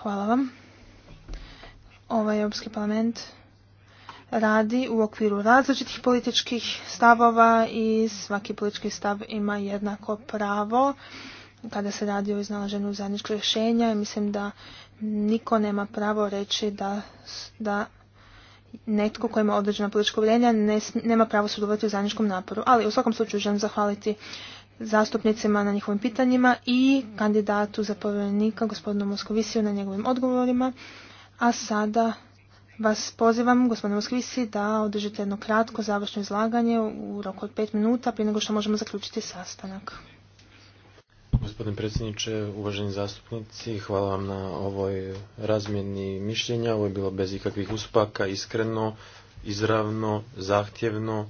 Hvala vam. Ovaj Europski parlament radi u okviru različitih političkih stavova i svaki politički stav ima jednako pravo kada se radi o iznalaženju zajedničkog rješenja i mislim da niko nema pravo reći da, da netko koji ima određena politička uvjerenja nema pravo sudovati u zajedničkom naporu. Ali u svakom slučaju želim zahvaliti zastupnicima na njihovim pitanjima i kandidatu za povjerenika gospodinu Moskovisiju na njegovim odgovorima. A sada vas pozivam, gospodine Moskvisi, da održite jedno kratko završno izlaganje u roku od pet minuta prije nego što možemo zaključiti sastanak. Gospodine predsjedniče, uvaženi zastupnici, hvala vam na ovoj razmjeni mišljenja. Ovo je bilo bez ikakvih uspaka, iskreno, izravno, zahtjevno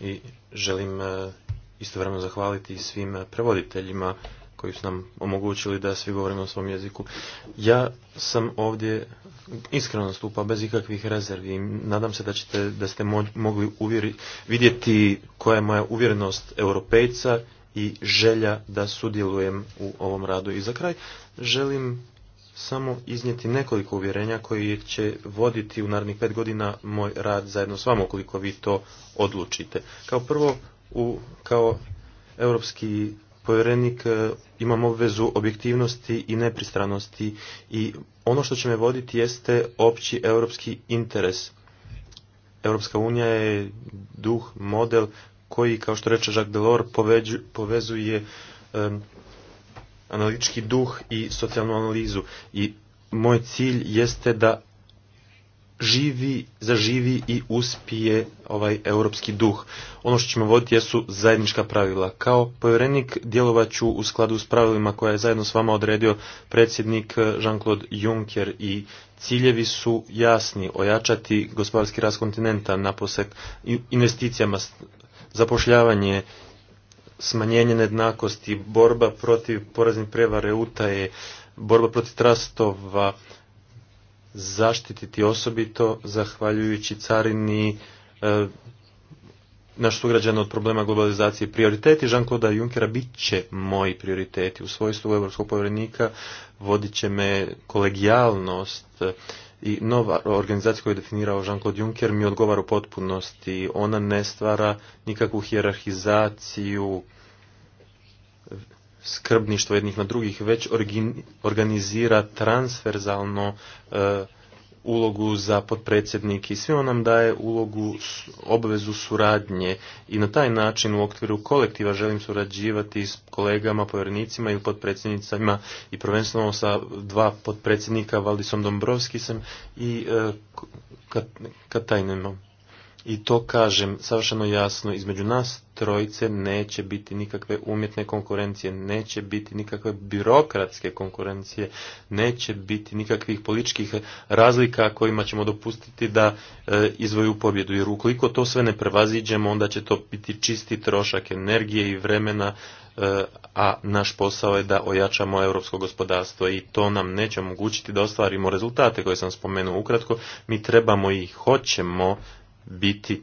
i želim eh, istovremeno zahvaliti svim prevoditeljima koji su nam omogućili da svi govorimo o svom jeziku. Ja sam ovdje iskreno stupa bez ikakvih rezervi. Nadam se da ćete da ste mogli uvjeri, vidjeti koja je moja uvjerenost europejca i želja da sudjelujem u ovom radu. I za kraj želim samo iznijeti nekoliko uvjerenja koji će voditi u narednih pet godina moj rad zajedno s vama, ukoliko vi to odlučite. Kao prvo, u, kao europski povjerenik e, imam obvezu objektivnosti i nepristranosti i ono što će me voditi jeste opći europski interes. Europska unija je duh, model koji, kao što reče Jacques Delors, povezuje um, analitički duh i socijalnu analizu. I moj cilj jeste da živi, zaživi i uspije ovaj europski duh. Ono što ćemo voditi jesu zajednička pravila. Kao povjerenik djelovat ću u skladu s pravilima koje je zajedno s vama odredio predsjednik eh, Jean-Claude Juncker i ciljevi su jasni, ojačati gospodarski rast kontinenta, naposek investicijama, zapošljavanje, smanjenje nejednakosti, borba protiv poraznih prevare utaje, borba protiv trastova, zaštititi osobito zahvaljujući carini e, naš sugrađan od problema globalizacije. Prioriteti Jean-Claude Junckera bit će moji prioriteti. U svojstvu europskog povjerenika vodit će me kolegijalnost i nova organizacija koju je definirao Jean-Claude Juncker mi odgovara u potpunosti. Ona ne stvara nikakvu hjerarhizaciju skrbništvo jednih na drugih, već organizira transferzalno e, ulogu za potpredsjednik i sve on nam daje ulogu, obvezu suradnje i na taj način u okviru kolektiva želim surađivati s kolegama, povjernicima ili potpredsjednicama i prvenstveno sa dva potpredsjednika Valdisom Dombrovskisem i e, i to kažem savršeno jasno, između nas trojice neće biti nikakve umjetne konkurencije, neće biti nikakve birokratske konkurencije, neće biti nikakvih političkih razlika kojima ćemo dopustiti da e, izvoju pobjedu. Jer ukoliko to sve ne prevaziđemo, onda će to biti čisti trošak energije i vremena, e, a naš posao je da ojačamo europsko gospodarstvo i to nam neće omogućiti da ostvarimo rezultate koje sam spomenuo ukratko. Mi trebamo i hoćemo biti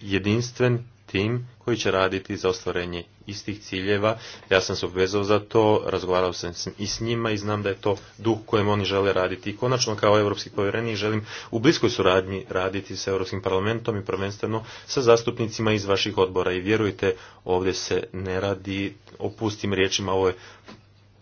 jedinstven tim koji će raditi za ostvarenje istih ciljeva. Ja sam se obvezao za to, razgovarao sam i s njima i znam da je to duh kojem oni žele raditi. I konačno kao europski povjerenik želim u bliskoj suradnji raditi sa Europskim parlamentom i prvenstveno sa zastupnicima iz vaših odbora. I vjerujte, ovdje se ne radi o pustim riječima, ovo je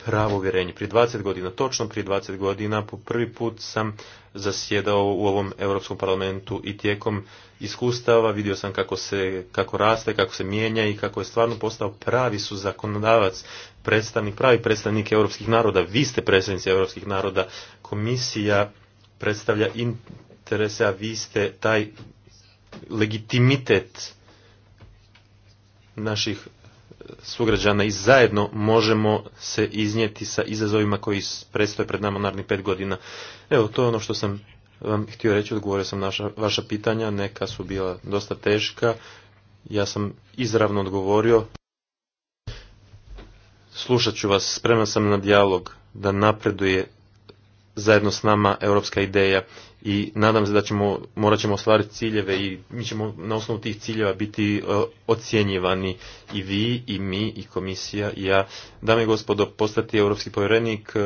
pravo uvjerenje. Prije 20 godina, točno prije 20 godina, po prvi put sam zasjedao u ovom Europskom parlamentu i tijekom iskustava vidio sam kako, se, kako raste, kako se mijenja i kako je stvarno postao pravi su zakonodavac, predstavnik, pravi predstavnik europskih naroda. Vi ste predstavnici europskih naroda, komisija predstavlja interese, a vi ste taj legitimitet naših sugrađana i zajedno možemo se iznijeti sa izazovima koji predstoje pred nama narednih pet godina. Evo, to je ono što sam vam htio reći, odgovorio sam na vaša pitanja, neka su bila dosta teška, ja sam izravno odgovorio. Slušat ću vas, spreman sam na dijalog da napreduje zajedno s nama europska ideja i nadam se da ćemo, morat ćemo ostvariti ciljeve i mi ćemo na osnovu tih ciljeva biti e, ocjenjivani i vi i mi i komisija i ja. Dame i gospodo, postati europski povjerenik, e,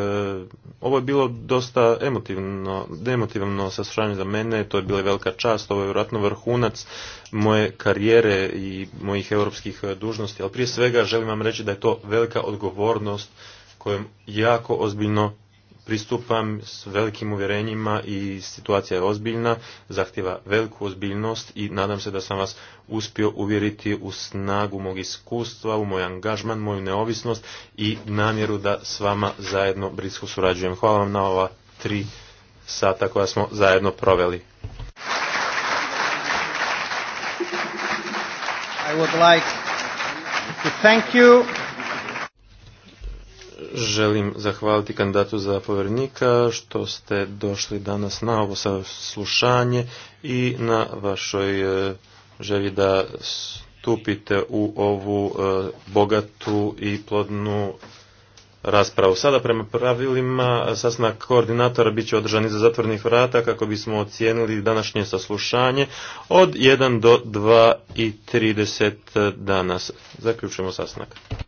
ovo je bilo dosta emotivno, demotivno saslušanje za mene, to je bila velika čast, ovo je vjerojatno vrhunac moje karijere i mojih europskih e, dužnosti, ali prije svega želim vam reći da je to velika odgovornost kojom jako ozbiljno pristupam s velikim uvjerenjima i situacija je ozbiljna, zahtjeva veliku ozbiljnost i nadam se da sam vas uspio uvjeriti u snagu mog iskustva, u moj angažman, moju neovisnost i namjeru da s vama zajedno brisku surađujem. Hvala vam na ova tri sata koja smo zajedno proveli. I would like to thank you Želim zahvaliti kandidatu za povjernika što ste došli danas na ovo saslušanje i na vašoj e, želji da stupite u ovu e, bogatu i plodnu raspravu. Sada prema pravilima sastanak koordinatora bit će održan iza zatvornih vrata kako bismo ocijenili današnje saslušanje od 1 do 2 i 30 danas. Zaključujemo sasnak.